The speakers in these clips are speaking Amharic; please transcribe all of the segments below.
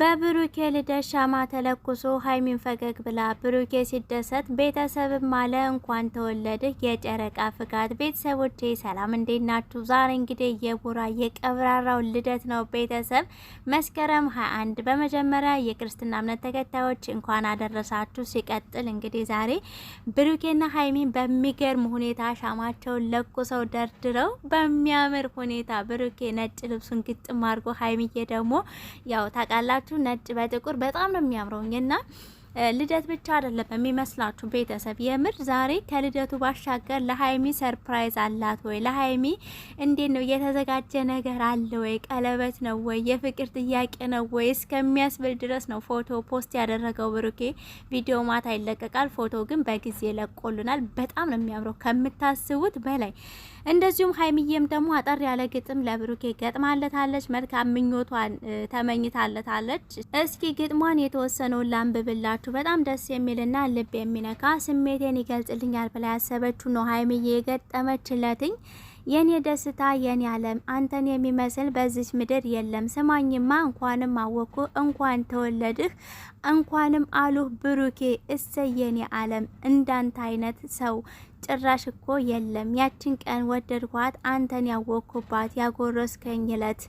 በብሩኬ ልደት ሻማ ተለኩሶ ሀይሚን ፈገግ ብላ ብሩኬ ሲደሰት ቤተሰብም አለ እንኳን ተወለድህ የጨረቃ ፍቃድ ቤተሰቦቼ ሰላም እንዴት ናችሁ? ዛሬ እንግዲህ የቡራ የቀብራራው ልደት ነው። ቤተሰብ መስከረም 21 በመጀመሪያ የክርስትና እምነት ተከታዮች እንኳን አደረሳችሁ። ሲቀጥል እንግዲህ ዛሬ ብሩኬና ሀይሚን በሚገርም ሁኔታ ሻማቸውን ለኩሰው ደርድረው በሚያምር ሁኔታ ብሩኬ ነጭ ልብሱን ግጥም አድርጎ ሀይሚዬ ደግሞ ያው ታቃላ ታያላችሁ። ነጭ በጥቁር በጣም ነው የሚያምረውኝ እና ልደት ብቻ አይደለም የሚመስላችሁ ቤተሰብ። የምር ዛሬ ከልደቱ ባሻገር ለሀይሚ ሰርፕራይዝ አላት ወይ? ለሀይሚ እንዴት ነው የተዘጋጀ ነገር አለ ወይ? ቀለበት ነው ወይ? የፍቅር ጥያቄ ነው ወይ? እስከሚያስብል ድረስ ነው ፎቶ ፖስት ያደረገው ብሩኬ። ቪዲዮ ማታ ይለቀቃል፣ ፎቶ ግን በጊዜ ለቆሉናል። በጣም ነው የሚያምረው ከምታስቡት በላይ። እንደዚሁም ሀይሚዬም ደግሞ አጠር ያለ ግጥም ለብሩኬ ገጥማለታለች። መልካም ምኞቷን ተመኝታለታለች። እስኪ ግጥሟን የተወሰነውን ላንብብላችሁ ያደረጋችሁ። በጣም ደስ የሚልና ልብ የሚነካ ስሜቴን ይገልጽልኛል ብላ ያሰበችው ነው ሀይሚዬ የገጠመችለትኝ። የኔ ደስታ የኔ ዓለም አንተን የሚመስል በዚች ምድር የለም። ስማኝማ እንኳንም አወኩ እንኳን ተወለድህ እንኳንም አሉህ ብሩኬ እሰይ የኔ ዓለም እንዳንተ አይነት ሰው ጭራሽ እኮ የለም። ያችን ቀን ወደድኳት አንተን ያወኩባት ያጎረስከኝ እለት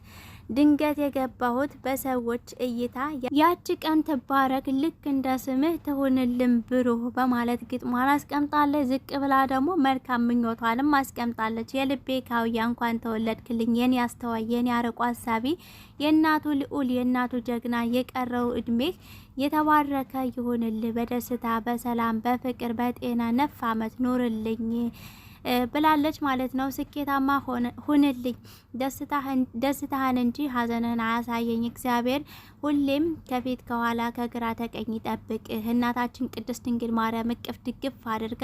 ድንገት የገባሁት በሰዎች እይታ ያቺ ቀን ትባረክ፣ ልክ እንደ ስምህ ትሆንልን ብሩህ በማለት ግጥሟን አስቀምጣለች። ዝቅ ብላ ደግሞ መልካም ምኞቷንም አስቀምጣለች። የልቤ ካውያ እንኳን ተወለድክልኝ፣ የኔ አስተዋይ፣ የኔ አርቆ አሳቢ፣ የእናቱ ልዑል፣ የእናቱ ጀግና፣ የቀረው እድሜህ የተባረከ ይሁንልህ። በደስታ በሰላም በፍቅር በጤና ነፍ አመት ኑርልኝ ብላለች ማለት ነው። ስኬታማ ሁንልኝ፣ ደስታህን እንጂ ሀዘንህን አያሳየኝ። እግዚአብሔር ሁሌም ከፊት ከኋላ ከግራ ተቀኝ ጠብቅ። እናታችን ቅድስት ድንግል ማርያም እቅፍ ድግፍ አድርጋ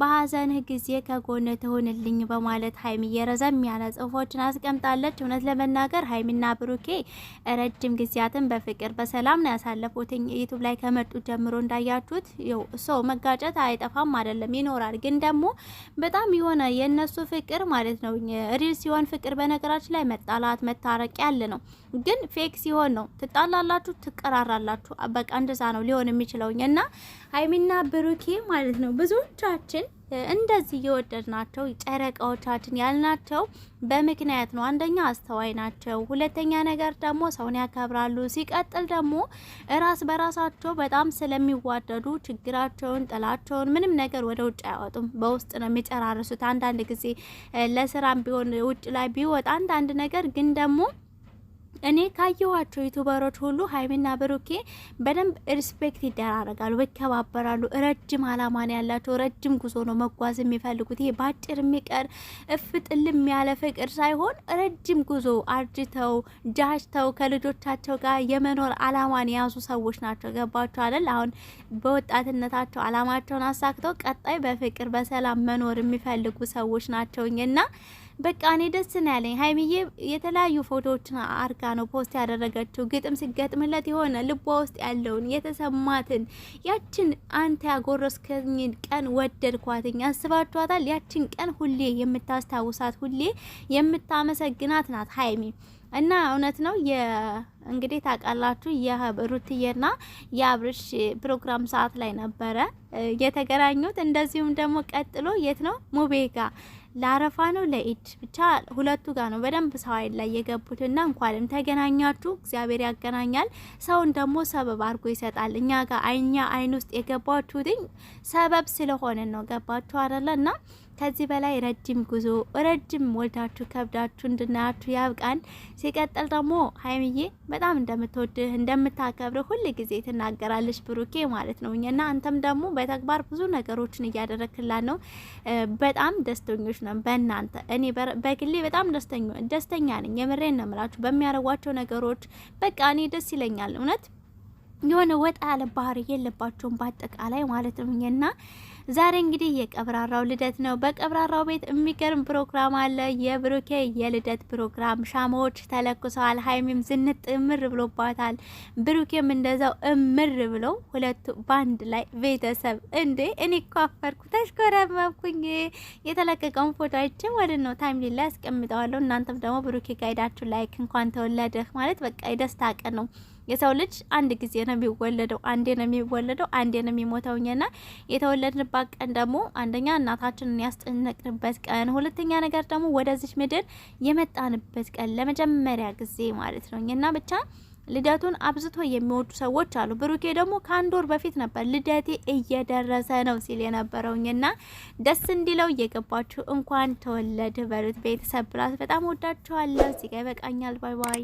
በሀዘንህ ጊዜ ከጎን ትሁንልኝ በማለት ሀይሚ እየረዘም ያለ ጽሁፎችን አስቀምጣለች። እውነት ለመናገር ሀይሚና ብሩኬ ረጅም ጊዜያትን በፍቅር በሰላም ነው ያሳለፉት። ዩቱብ ላይ ከመጡ ጀምሮ እንዳያችሁት ሰው መጋጨት አይጠፋም አይደለም፣ ይኖራል ግን ደግሞ በጣም የሆነ የእነሱ ፍቅር ማለት ነው ሪል ሲሆን ፍቅር በነገራችን ላይ መጣላት መታረቅ ያለ ነው። ግን ፌክ ሲሆን ነው ትጣላላችሁ፣ ትቀራራላችሁ። በቃ እንደዛ ነው ሊሆን የሚችለውኝ እና ሀይሚና ብሩኬ ማለት ነው ብዙዎቻችን እንደዚህ የወደድናቸው ጨረቃዎቻችን ያልናቸው በምክንያት ነው። አንደኛ አስተዋይ ናቸው፣ ሁለተኛ ነገር ደግሞ ሰውን ያከብራሉ። ሲቀጥል ደግሞ እራስ በራሳቸው በጣም ስለሚዋደዱ ችግራቸውን፣ ጥላቸውን፣ ምንም ነገር ወደ ውጭ አያወጡም። በውስጥ ነው የሚጨራርሱት። አንዳንድ ጊዜ ለስራም ቢሆን ውጭ ላይ ቢወጣ አንዳንድ ነገር ግን ደግሞ እኔ ካየኋቸው ዩቱበሮች ሁሉ ሀይሚና ብሩኬ በደንብ ሪስፔክት ይደራረጋሉ፣ ይከባበራሉ። ረጅም አላማ ነው ያላቸው። ረጅም ጉዞ ነው መጓዝ የሚፈልጉት። ይሄ ባጭር የሚቀር እፍጥልም ያለ ፍቅር ሳይሆን ረጅም ጉዞ አርጅተው ጃጅተው ከልጆቻቸው ጋር የመኖር አላማን የያዙ ሰዎች ናቸው። ገባቸው አይደል? አሁን በወጣትነታቸው አላማቸውን አሳክተው ቀጣይ በፍቅር በሰላም መኖር የሚፈልጉ ሰዎች ናቸውኝና በቃ እኔ ደስ ነው ያለኝ። ሀይሚዬ የተለያዩ ፎቶዎችን አርጋ ነው ፖስት ያደረገችው። ግጥም ሲገጥምለት የሆነ ልቧ ውስጥ ያለውን የተሰማትን ያችን አንተ ያጎረስከኝ ቀን ወደድኳትኝ። አስባችኋታል? ያችን ቀን ሁሌ የምታስታውሳት ሁሌ የምታመሰግናት ናት ሀይሚ እና እውነት ነው እንግዲህ ታውቃላችሁ የሩትዬና የአብርሽ ፕሮግራም ሰዓት ላይ ነበረ የተገናኙት። እንደዚሁም ደግሞ ቀጥሎ የት ነው ሙቤጋ ለአረፋ ነው ለኢድ ብቻ ሁለቱ ጋር ነው በደንብ ሰው አይን ላይ የገቡትና እንኳንም ተገናኛችሁ። እግዚአብሔር ያገናኛል። ሰውን ደግሞ ሰበብ አድርጎ ይሰጣል። እኛ ጋር እኛ አይን ውስጥ የገባችሁትኝ ሰበብ ስለሆነ ነው። ገባችሁ አይደለ እና ከዚህ በላይ ረጅም ጉዞ ረጅም ወልዳችሁ ከብዳችሁ እንድናያችሁ ያብቃን። ሲቀጥል ደግሞ ሀይምዬ በጣም እንደምትወድህ እንደምታከብርህ ሁል ጊዜ ትናገራለች ብሩኬ ማለት ነው እና አንተም ደግሞ በተግባር ብዙ ነገሮችን እያደረክላት ነው። በጣም ደስተኞች ነው በእናንተ። እኔ በግሌ በጣም ደስተኛ ነኝ። የምሬን ነው የምላችሁ በሚያደርጓቸው ነገሮች በቃ እኔ ደስ ይለኛል እውነት የሆነ ወጣ ያለ ባህሪ የለባቸውም በአጠቃላይ ማለት ነው እና ዛሬ እንግዲህ የቀብራራው ልደት ነው። በቀብራራው ቤት የሚገርም ፕሮግራም አለ። የብሩኬ የልደት ፕሮግራም ሻማዎች ተለኩሰዋል። ሀይሚም ዝንጥ እምር ብሎባታል። ብሩኬም እንደዛው እምር ብሎ ሁለቱ ባንድ ላይ ቤተሰብ እንዴ! እኔ እኮ አፈርኩ፣ ተሽኮረመኩኝ። የተለቀቀውን ፎቶችን ወደ ነው ታይም ላይ አስቀምጠዋለሁ። እናንተም ደግሞ ብሩኬ ጋይዳችሁ ላይክ እንኳን ተወለደህ ማለት በቃ የደስታ ቀን ነው። የሰው ልጅ አንድ ጊዜ ነው የሚወለደው፣ አንዴ ነው የሚወለደው፣ አንዴ ነው የሚሞተውኝና የተወለድንባት ቀን ደግሞ አንደኛ እናታችንን ያስጨነቅንበት ቀን፣ ሁለተኛ ነገር ደግሞ ወደዚች ምድር የመጣንበት ቀን ለመጀመሪያ ጊዜ ማለት ነው እኛና ብቻ ልደቱን አብዝቶ የሚወዱ ሰዎች አሉ። ብሩኬ ደግሞ ከአንድ ወር በፊት ነበር ልደቴ እየደረሰ ነው ሲል የነበረውኝና ደስ እንዲለው እየገባችሁ እንኳን ተወለድ በሉት ቤተሰብ ብላት። በጣም ወዳችኋለሁ። እዚጋ ይበቃኛል። ባይ ባይ